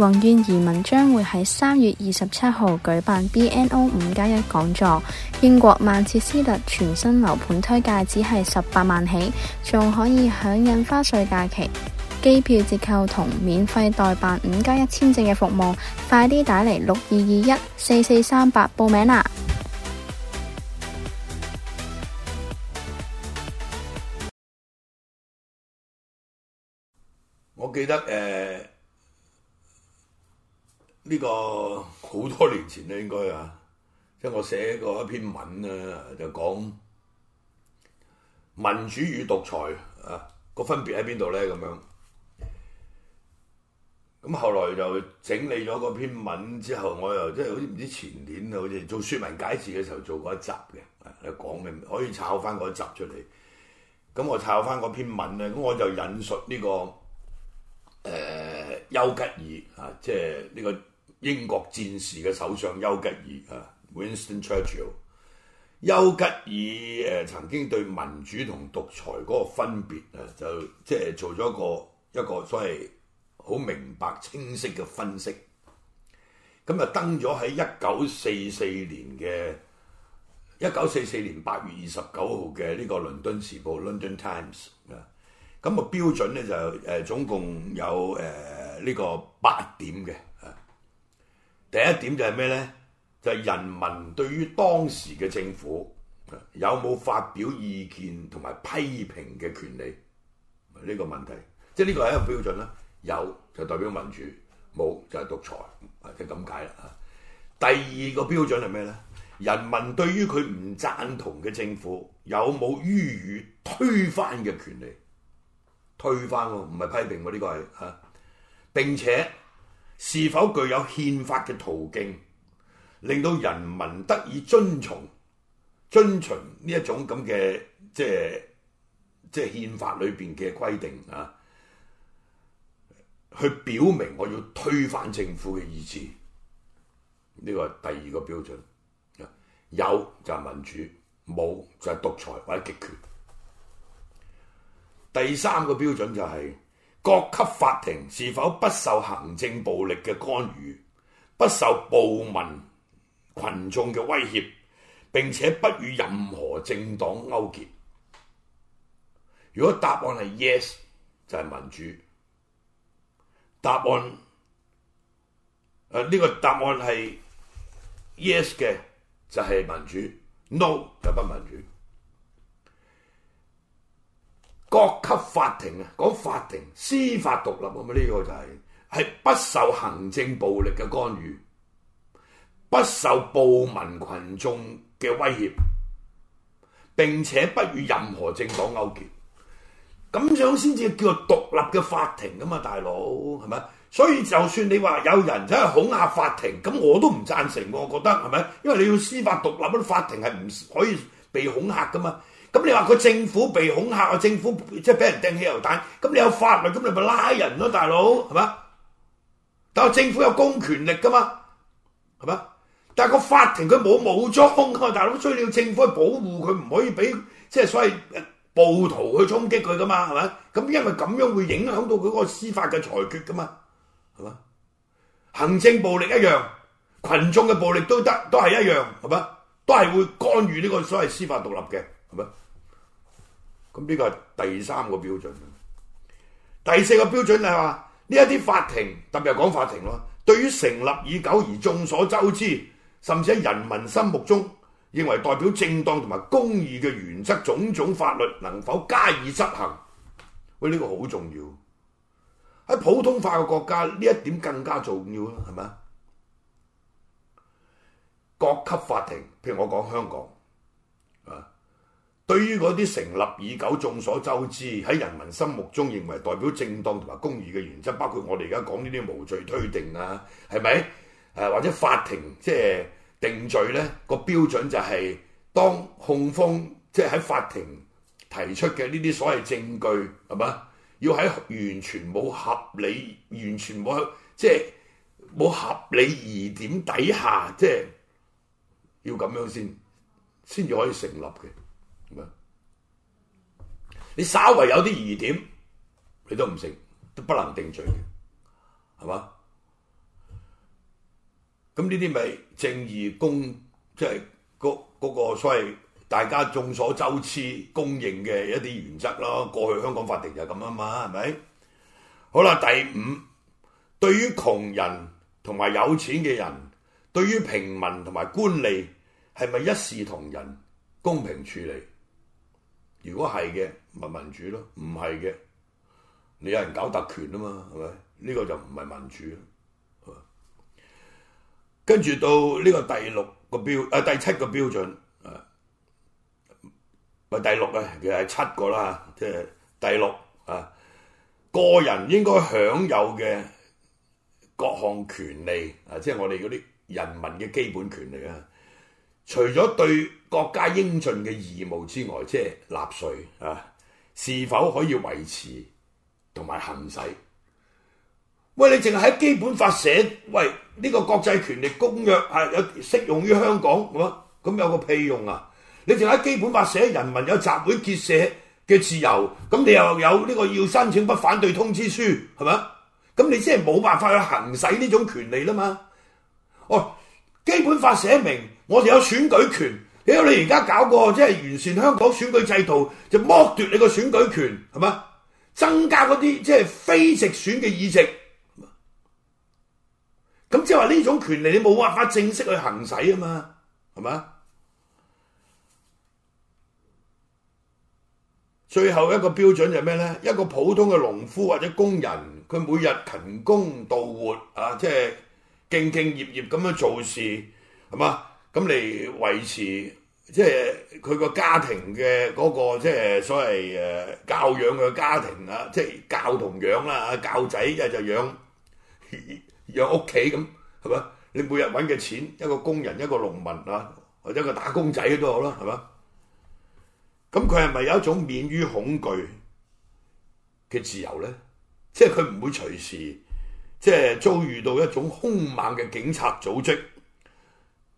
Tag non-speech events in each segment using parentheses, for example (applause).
宏願移民將會喺三月二十七號舉辦 BNO 五加一講座，英國曼徹斯特全新樓盤推介，只係十八萬起，仲可以享印花稅假期、機票折扣同免費代辦五加一簽證嘅服務，快啲打嚟六二二一四四三八報名啦！我記得誒。Uh 呢、這個好多年前咧，應該啊，即係我寫過一篇文咧、啊，就講民主與獨裁啊個分別喺邊度咧咁樣。咁、啊、後來就整理咗嗰篇文之後，我又即係好似唔知前年好似做説文解字嘅時候做過一集嘅，講、啊、嘅可以抄翻嗰集出嚟。咁我抄翻嗰篇文咧，咁、啊、我就引述呢、這個誒丘、呃、吉爾啊，即係呢、這個。英國戰時嘅首相丘吉爾啊、uh，Winston Churchill，丘吉爾誒、呃、曾經對民主同獨裁嗰個分別啊，就即係、就是、做咗一個一個所謂好明白清晰嘅分析。咁、嗯、啊，登咗喺一九四四年嘅一九四四年八月二十九號嘅呢個倫《倫敦時報》《London Times》啊，咁、嗯，那個標準咧就誒、呃、總共有誒呢、呃這個八點嘅。第一點就係咩咧？就係、是、人民對於當時嘅政府有冇發表意見同埋批評嘅權利？呢、這個問題，即係呢個係一個標準啦。有就代表民主，冇就係獨裁，係即係咁解啦。第二個標準係咩咧？人民對於佢唔贊同嘅政府有冇予以推翻嘅權利？推翻喎，唔係批評喎，呢、這個係嚇。並且是否具有憲法嘅途徑，令到人民得以遵從、遵從呢一種咁嘅即係即係憲法裏邊嘅規定啊，去表明我要推翻政府嘅意志。呢、這個係第二個標準。有就係民主，冇就係獨裁或者極權。第三個標準就係、是。各級法庭是否不受行政暴力嘅干預，不受暴民群眾嘅威脅，並且不與任何政黨勾結？如果答案係 yes，就係民主；答案誒呢、呃這個答案係 yes 嘅，就係、是、民主；no 就不民主。各級法庭啊，講法庭司法獨立咁嘛？呢個就係係不受行政暴力嘅干預，不受暴民群眾嘅威脅，並且不與任何政黨勾結，咁樣先至叫獨立嘅法庭噶嘛，大佬係咪？所以就算你話有人真係恐吓法庭，咁我都唔贊成，我覺得係咪？因為你要司法獨立，法庭係唔可以被恐吓噶嘛。咁你話個政府被恐嚇，個政府即係俾人掟汽油彈，咁你有法律，咁你咪拉人咯，大佬係嘛？但係政府有公權力噶嘛，係嘛？但係個法庭佢冇武裝，咁啊大佬，所以你要政府去保護佢，唔可以俾即係所謂暴徒去衝擊佢噶嘛，係嘛？咁因為咁樣會影響到佢嗰個司法嘅裁決噶嘛，係嘛？行政暴力一樣，羣眾嘅暴力都得，都係一樣，係嘛？都係會干預呢個所謂司法獨立嘅，係嘛？咁呢個係第三個標準，第四個標準係話呢一啲法庭，特別係講法庭咯，對於成立已久而眾所周知，甚至喺人民心目中認為代表正當同埋公義嘅原則，種種法律能否加以執行？喂，呢個好重要。喺普通法嘅國家，呢一點更加重要啦，係咪啊？各級法庭，譬如我講香港。對於嗰啲成立已久、眾所周知、喺人民心目中認為代表正當同埋公義嘅原則，包括我哋而家講呢啲無罪推定啊，係咪？誒，或者法庭即係定罪咧個標準就係當控方即係喺法庭提出嘅呢啲所謂證據，係咪？要喺完全冇合理、完全冇即係冇合理疑點底下，即係要咁樣先先至可以成立嘅。你稍為有啲疑點，你都唔成，都不能定罪，係嘛？咁呢啲咪正義公，即係嗰嗰個所謂大家眾所周知、公認嘅一啲原則咯。過去香港法庭就係咁啊嘛，係咪？好啦，第五，對於窮人同埋有錢嘅人，對於平民同埋官吏，係咪一視同仁、公平處理？如果係嘅咪民主咯，唔係嘅你有人搞特權啊嘛，係咪？呢個就唔係民主。跟住到呢個第六個標啊，第七個標準啊，咪第六啊，其實係七個啦。即係第六啊，個人應該享有嘅各項權利啊，即係我哋嗰啲人民嘅基本權利啊。除咗對國家應盡嘅義務之外，即係納稅啊，是否可以維持同埋行使？喂，你淨係喺基本法寫，喂呢個國際權力公約係有適用於香港，咁咁有個屁用啊！你淨喺基本法寫人民有集會結社嘅自由，咁你又有呢個要申請不反對通知書係咪？咁你即係冇辦法去行使呢種權利啦嘛！哦，基本法寫明。我哋有選舉權，屌你而家搞個即係完善香港選舉制度，就剝奪你個選舉權，係嘛？增加嗰啲即係非直選嘅議席，咁即係話呢種權利你冇辦法正式去行使啊嘛，係嘛？最後一個標準就係咩咧？一個普通嘅農夫或者工人，佢每日勤工度活啊，即係兢兢業業咁樣做事，係嘛？咁你維持，即係佢個家庭嘅嗰個即係所謂誒教養嘅家庭啦，即係教同養啦，教仔一就養養屋企咁，係嘛？你每日揾嘅錢，一個工人、一個農民啊，或者一個打工仔都好啦，係嘛？咁佢係咪有一種免於恐懼嘅自由咧？即係佢唔會隨時即係遭遇到一種兇猛嘅警察組織。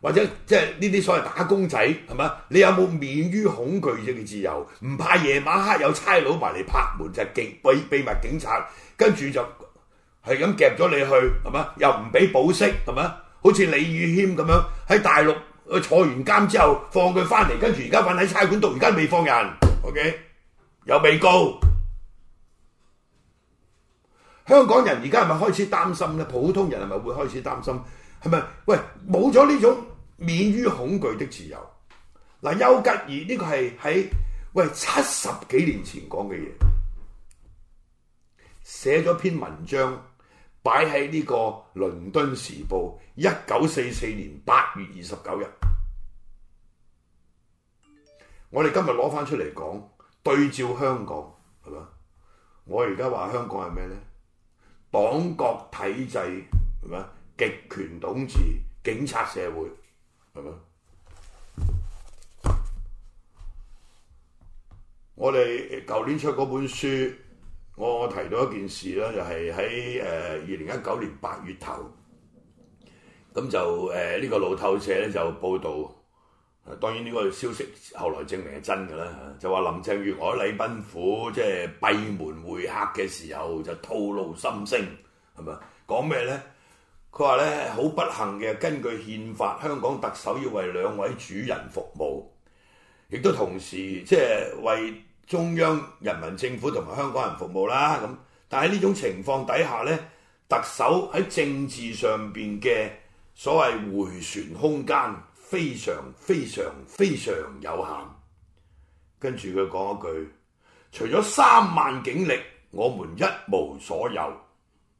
或者即係呢啲所謂打工仔係嘛？你有冇免於恐懼嘅自由？唔怕夜晚黑有差佬埋嚟拍門就極秘密警察，跟住就係咁夾咗你去係嘛？又唔俾保釋係嘛？好似李宇軒咁樣喺大陸坐完監之後放佢翻嚟，跟住而家揾喺差館度，而家未放人。OK，又未告。香港人而家係咪開始擔心咧？普通人係咪會開始擔心？係咪？喂，冇咗呢種免於恐懼的自由。嗱，丘吉爾呢個係喺喂七十幾年前講嘅嘢，寫咗篇文章擺喺呢個《倫敦時報》，一九四四年八月二十九日。我哋今日攞翻出嚟講，對照香港，係咪？我而家話香港係咩咧？黨國體制，係咪？極權統治、警察社會，係咪？我哋舊年出嗰本書，我提到一件事咧，就係喺誒二零一九年八月頭，咁就誒呢、呃呢個路透社咧就報道，當然呢個消息後來證明係真嘅啦，就話林鄭月娥喺禮賓府即係、就是、閉門會客嘅時候就吐露心聲，係咪？講咩咧？佢話咧好不幸嘅，根據憲法，香港特首要為兩位主人服務，亦都同時即係為中央人民政府同埋香港人服務啦。咁，但係呢種情況底下咧，特首喺政治上邊嘅所謂迴旋空間非常非常非常有限。跟住佢講一句：除咗三萬警力，我們一無所有，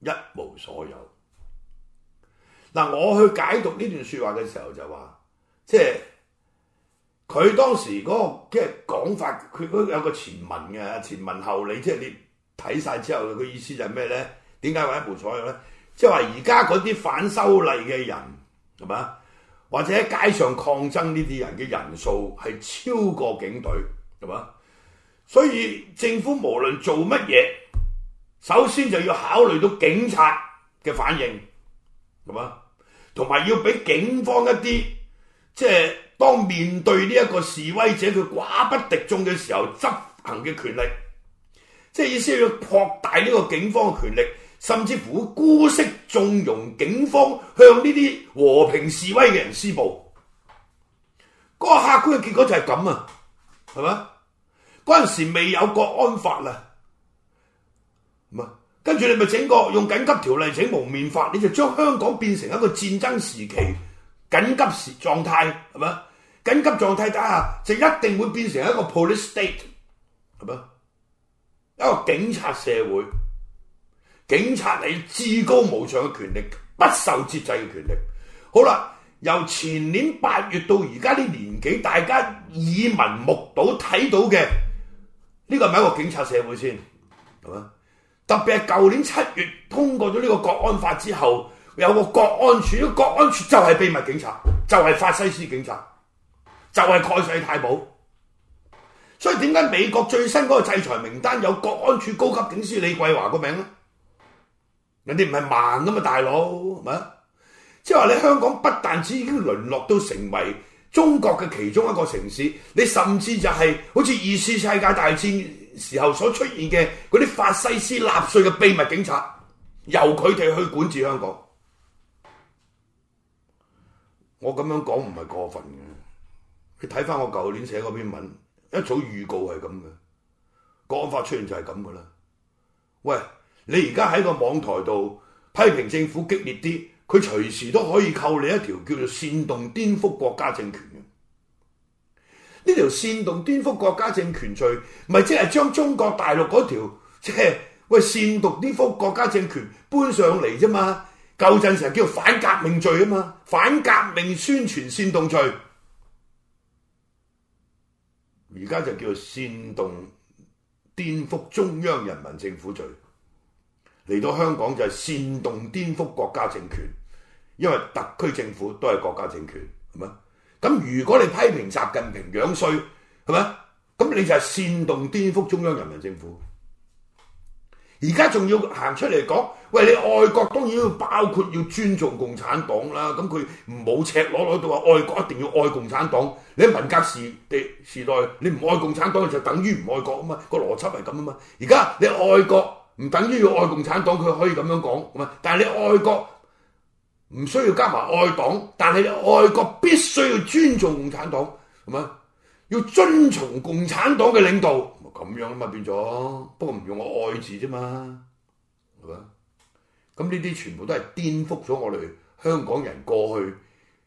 一無所有。嗱，我去解讀呢段説話嘅時候就話，即係佢當時嗰個即係講法，佢都有個前文嘅，前文後理，即係你睇晒之後佢意思就係咩咧？點解話一部所有咧？即係話而家嗰啲反修例嘅人係嘛，或者喺街上抗爭呢啲人嘅人數係超過警隊係嘛，所以政府無論做乜嘢，首先就要考慮到警察嘅反應係嘛。同埋要俾警方一啲，即係當面對呢一個示威者，佢寡不敵眾嘅時候，執行嘅權力，即係意思要擴大呢個警方嘅權力，甚至乎姑息縱容警方向呢啲和平示威嘅人施暴，嗰個客觀嘅結果就係咁啊，係嘛？嗰陣時未有國安法啊。跟住你咪整個用緊急條例整蒙面法，你就將香港變成一個戰爭時期緊急時狀態，係咪？緊急狀態底下就一定會變成一個 police state，係咪？一個警察社會，警察係至高無上嘅權力，不受節制嘅權力。好啦，由前年八月到而家啲年紀，大家耳聞目睹睇到嘅，呢個係咪一個警察社會先？係咪？特別係舊年七月通過咗呢個國安法之後，有個國安處，國安處就係秘密警察，就係法西斯警察，就係蓋世太保。所以點解美國最新嗰個制裁名單有國安處高級警司李桂華個名咧？人哋唔係盲噶嘛，大佬，咪即係話你香港不但止已經淪落到成為中國嘅其中一個城市，你甚至就係好似二次世界大戰時候所出現嘅嗰啲法西斯納粹嘅秘密警察，由佢哋去管治香港。我咁樣講唔係過分嘅。你睇翻我舊年寫嗰篇文，一早預告係咁嘅，國安法出現就係咁㗎啦。喂，你而家喺個網台度批評政府激烈啲，佢隨時都可以扣你一條叫做煽動顛覆國家政權。呢條煽動顛覆國家政權罪，咪即係將中國大陸嗰條即係，喂，煽動顛覆國家政權搬上嚟啫嘛？舊陣時叫反革命罪啊嘛，反革命宣傳煽動罪，而家就叫做煽動顛覆中央人民政府罪。嚟到香港就係煽動顛覆國家政權，因為特區政府都係國家政權，係咪？咁如果你批評習近平樣衰係咪？咁你就係煽動顛覆中央人民政府。而家仲要行出嚟講，喂，你愛國當然要包括要尊重共產黨啦。咁佢唔好赤裸裸地話愛國一定要愛共產黨。你文革時地時代你唔愛共產黨就等於唔愛國啊嘛，個邏輯係咁啊嘛。而家你愛國唔等於要愛共產黨，佢可以咁樣講，但係你愛國。唔需要加埋愛黨，但係你愛國必須要尊重共產黨，係咪？要遵從共產黨嘅領導咁樣啊嘛，變咗不過唔用我愛字啫嘛，係咪？咁呢啲全部都係顛覆咗我哋香港人過去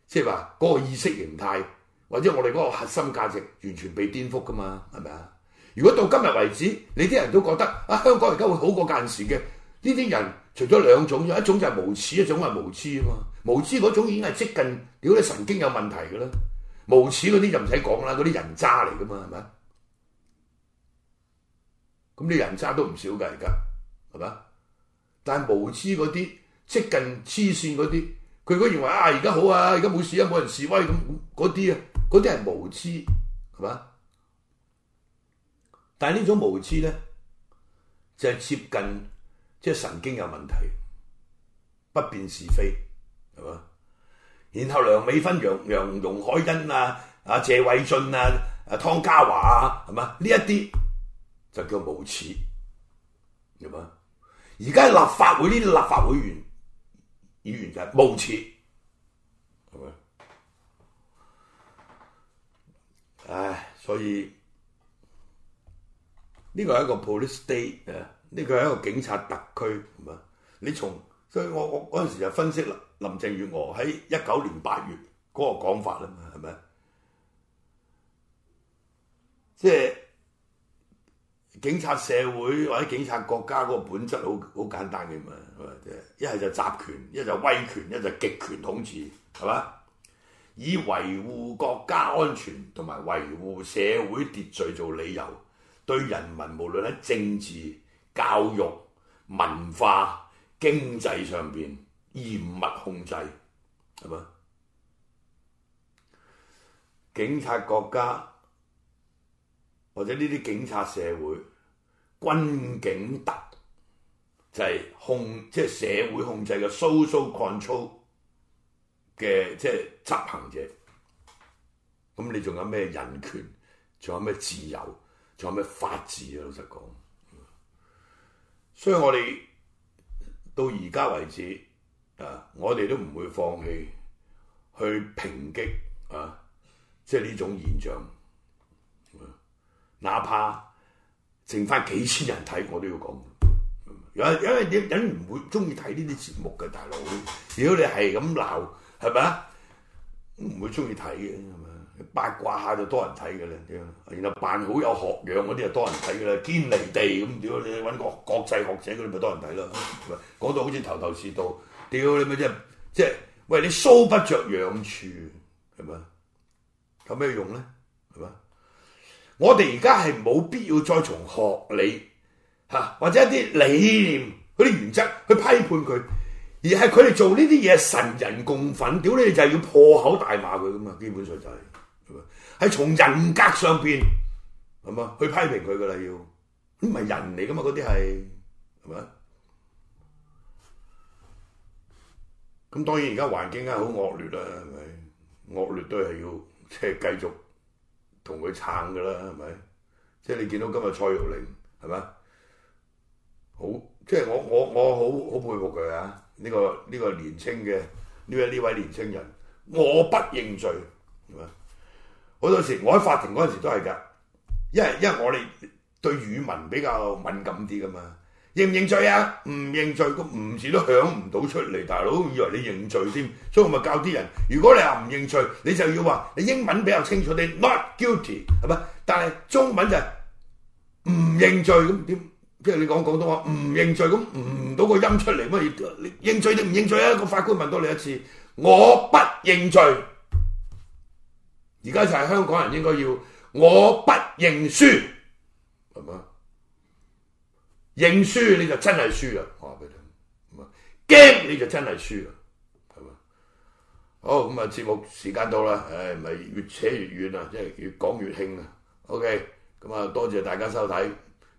即係話嗰個意識形態，或者我哋嗰個核心價值完全被顛覆噶嘛，係咪啊？如果到今日為止，你啲人都覺得啊香港而家會好過嗰陣時嘅呢啲人。除咗兩種，一種就係無恥，一種係無知啊嘛！無知嗰種已經係接近如果你神經有問題嘅啦，無恥嗰啲就唔使講啦，嗰啲人渣嚟噶嘛，係咪啊？咁你人渣都唔少噶而家，係咪？但係無知嗰啲接近黐線嗰啲，佢如果認為啊而家好啊，而家冇事啊，冇人示威咁嗰啲啊，嗰啲係無知，係咪？但係呢種無知咧，就係、是、接近。即係神經有問題，不辨是非係嘛？然後梁美芬、楊楊、容海恩、啊、啊、阿謝偉俊啊、阿湯家驊啊，係嘛、啊？呢一啲就叫無恥，係嘛？而家立法會啲立法會員、議員就係無恥，係咪？唉，所以呢個係一個 police state 啊！呢個係一個警察特區，係嘛？你從所以我我嗰陣時就分析林林鄭月娥喺一九年八月嗰個講法啦，係咪？即係警察社會或者警察國家嗰個本質好好簡單嘅嘛，係咪？一係就集權，一就威權，一就極權統治，係嘛？以維護國家安全同埋維護社會秩序做理由，對人民無論喺政治、教育、文化、經濟上邊嚴密控制，係咪？警察國家或者呢啲警察社會，軍警特就係、是、控，即、就、係、是、社會控制嘅 social control 嘅即係執行者。咁你仲有咩人權？仲有咩自由？仲有咩法治啊？老實講。所以我哋到而家為止，啊，我哋都唔會放棄去抨擊啊，即係呢種現象。啊、哪怕剩翻幾千人睇，我都要講。因 (laughs) 因為啲人唔會中意睇呢啲節目嘅，大佬，如果你係咁鬧，係咪啊？唔會中意睇嘅。八卦下就多人睇嘅啦，然後扮好有學養嗰啲就多人睇嘅啦，堅離地咁屌你，揾個國際學者佢啲咪多人睇咯，講到好似頭頭是道，屌、即係、你咪咩啫？即係喂你搔不着癢處，係咪？有咩用咧？係嘛？我哋而家係冇必要再從學理吓或者一啲理念嗰啲原則去批判佢，而係佢哋做呢啲嘢神人共憤，屌你就係要破口大罵佢噶嘛，基本上就係、是。係從人格上邊係嘛，去批評佢噶啦，要唔係人嚟噶嘛？嗰啲係係咪？咁當然而家環境咧好惡劣啦、啊，係咪惡劣都係要即係繼續同佢撐噶啦，係咪？即係你見到今日蔡玉玲係咪？好即係我我我好好佩服佢啊！呢個呢個年青嘅呢位呢位年青人，我不認罪，係咪？好多時我喺法庭嗰陣時都係噶，因為因為我哋對語文比較敏感啲噶嘛，認唔認罪啊？唔、嗯、認罪，咁、這、唔、個嗯、字都響唔到出嚟。大佬以為你認罪添，所以我咪教啲人，如果你話唔認罪，你就要話你英文比較清楚啲，not guilty 係咪？但係中文就係唔認罪咁點？即係你講廣東話唔認罪咁唔、嗯嗯、到個音出嚟乜你認罪定唔認罪啊？那個法官問到你一次，我不認罪。而家就係香港人應該要，我不認輸，係嘛？認輸你就真係輸啦，話俾你聽，咁啊，驚你就真係輸啦，係嘛？好，咁啊節目時間到啦，唉、哎，咪越扯越遠啊，即係越講越興啊。OK，咁啊多謝大家收睇，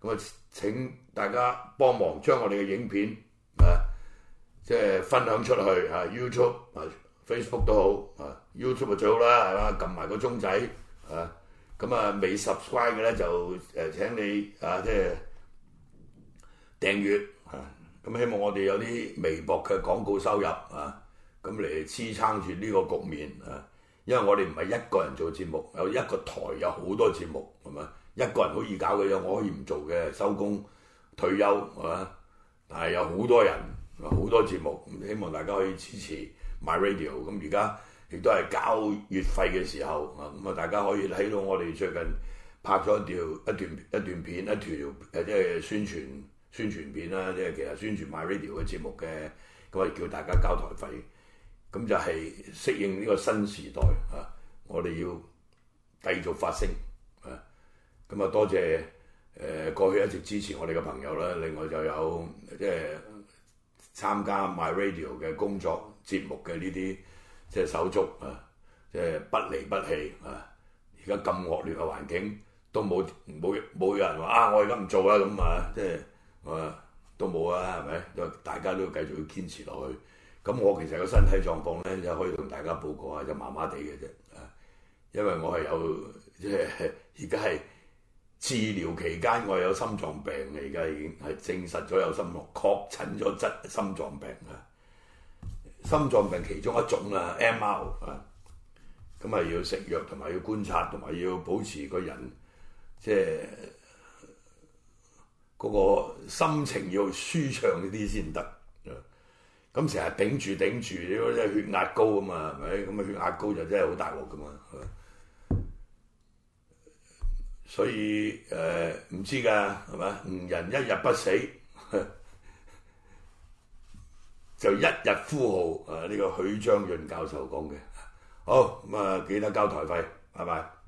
咁啊請大家幫忙將我哋嘅影片啊，即係、就是、分享出去啊，YouTube 啊、Facebook 都好啊。YouTube 啊，最好啦，係嘛？撳埋個鐘仔啊，咁啊未 subscribe 嘅咧就誒請你啊，即係訂閱啊。咁希望我哋有啲微博嘅廣告收入啊，咁嚟支撐住呢個局面啊。因為我哋唔係一個人做節目，有一個台有好多節目係嘛，一個人好易搞嘅嘢，我可以唔做嘅，收工退休係嘛。但係有好多人好多節目，希望大家可以支持 My Radio，嗯。咁而家，亦都係交月費嘅時候，啊咁啊大家可以睇到我哋最近拍咗一條一段一段片一條誒即係宣傳宣傳片啦，即、就、係、是、其實宣傳 My Radio 嘅節目嘅，咁啊叫大家交台費，咁就係適應呢個新時代啊！我哋要繼續發聲啊！咁啊多謝誒、呃、過去一直支持我哋嘅朋友啦、啊，另外就有即係、就是、參加 My Radio 嘅工作節目嘅呢啲。即係手足啊！即係不離不棄啊！而家咁惡劣嘅環境都冇冇冇人話啊！我而家唔做啊！咁啊，即係啊都冇啊，係咪？大家都要繼續要堅持落去。咁我其實個身體狀況咧，就可以同大家報告下，就麻麻地嘅啫。因為我係有即係而家係治療期間，我有心臟病嘅。而家已經係證實咗有心臟，確診咗質心臟病啊！心臟病其中一種啊，M.R. 啊，咁咪要食藥，同埋要觀察，同埋要保持個人，即係嗰個心情要舒暢啲先得。咁成日頂住頂住，你嗰隻血壓高啊嘛，係咪？咁啊血壓高就真係好大鑊㗎嘛。所以誒，唔、呃、知㗎，係咪？人一日不死。 (laughs) 就一日呼號，誒、啊、呢、呢個許章潤教授講嘅。好，咁啊、嗯，記得交台費，拜拜。